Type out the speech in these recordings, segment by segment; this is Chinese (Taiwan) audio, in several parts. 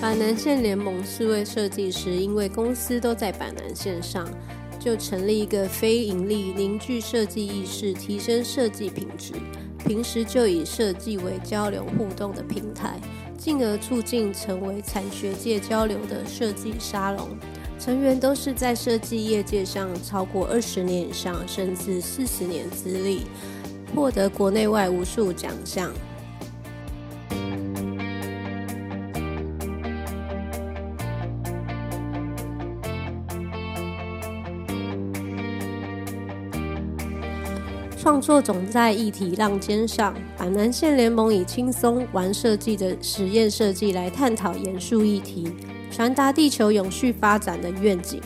板南線聯盟四位設計師，因為公司都在板南線上，就成立一個非營利，凝聚設計意識，提升設計品質。平時就以設計為交流互動的平台，進而促進成為產學界交流的設計沙龍。成員都是在設計業界上超過二十年以上，甚至四十年資歷，獲得國內外無數獎項。創作總在議題浪尖上，板南線聯盟以輕鬆玩設計的實驗設計來探討嚴肅議題，傳達地球永續發展的願景。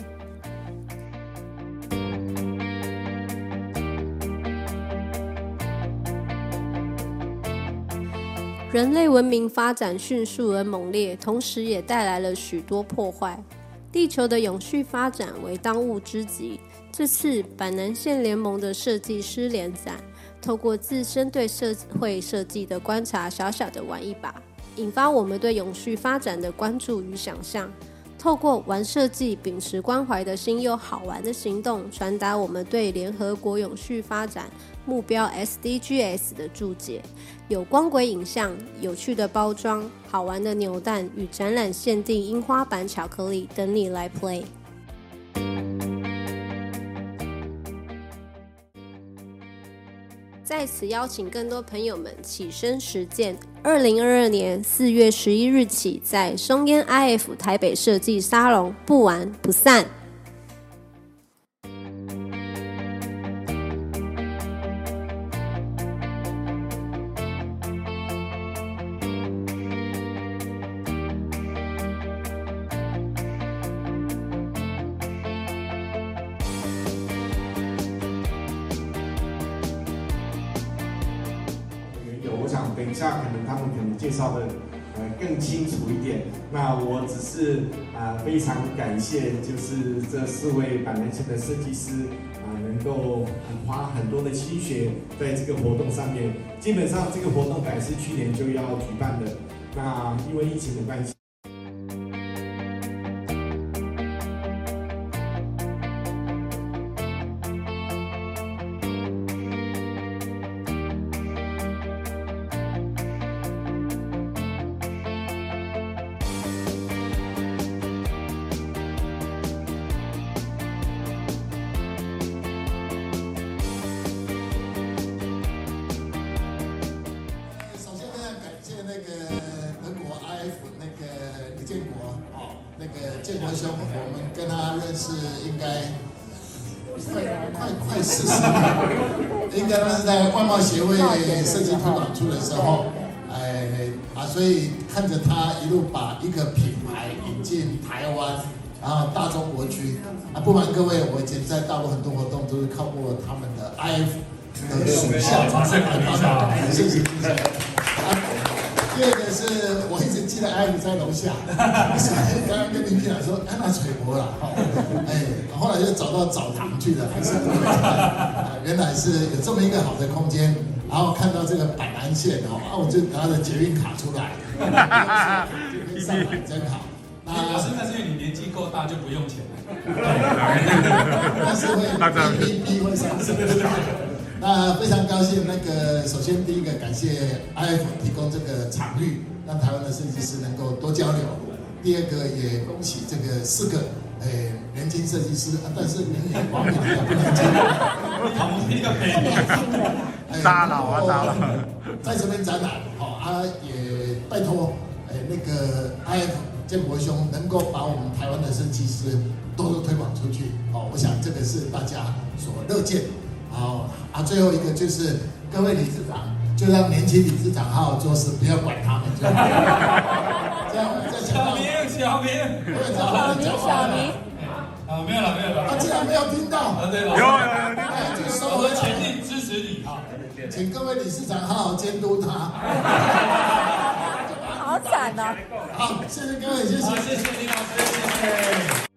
人類文明發展迅速而猛烈，同時也帶來了許多破壞。地球的永續發展為當務之急。這次板南線聯盟的設計師聯展，透過自身對社會設計的觀察，小小的玩一把，引發我們對永續發展的關注與想象。透過玩設計、秉持關懷的心，又好玩的行動，傳達我們對聯合國永續發展目標 SDGs 的注解。有光軌影像、有趣的包裝、好玩的扭蛋與展覽限定櫻花版巧克力，等你來 play。在此邀請更多朋友們起身實踐。二零二二年四月十一日起，在松菸 iF 台北設計沙龍，不玩不散。想等一下可能他們可能介紹的呃更清楚一點，那我只是啊、呃、非常感謝，就是這四位板南線的設計師啊、呃、能夠花很多的心血在這個活動上面。基本上這個活動本來是去年就要舉辦的，那因為疫情的關係。建國啊，那個建國兄，我們跟他認識應該快、嗯、快、嗯、快、嗯、十四十年，應該是在外貿協會設計推廣處的時候，哎啊，所以看着他一路把一個品牌引進台灣，然後大中國區啊，不瞞各位，我以前在大陸很多活動都是靠過他們的 IF 的屬下，非常謝謝。謝謝第二個是我一直記得阿姨在樓下，剛剛跟你平說師，啊，水垂博了，哎，後來就找到澡堂去了，還是原來是有這麼一個好的空間，然後看到這個板南線，然後我就拿着捷運卡出來，上來真好，啊，現在是因為你年紀夠大就不用錢了，對、嗯，但哥、就是會 B B 或者什的。那、啊、非常高興。那個，首先第一個感謝 I F 提供這個場域，讓台灣的設計師能夠多交流。第二個也恭喜這個四個，誒、欸，年輕設計師、啊，但是年也方面不年輕，明一個年輕的，大佬大在這邊展覽，好、哦啊，也拜託，誒、欸、那個 I F 建國兄能夠把我們台灣的設計師多多推廣出去，好、哦，我想這個是大家所樂見。好，啊，最後一個就是各位理事長，就讓年輕理事長好好做事，不要管他們，就。叫叫小明，小明，小明，小明。啊，沒有了，沒有了。他竟然沒有聽到，啊，對了。有有有，就收回全力支持你哈。請各位理事長好好監督他。好慘吶！好，謝謝各位，謝謝，謝謝李老師，謝謝。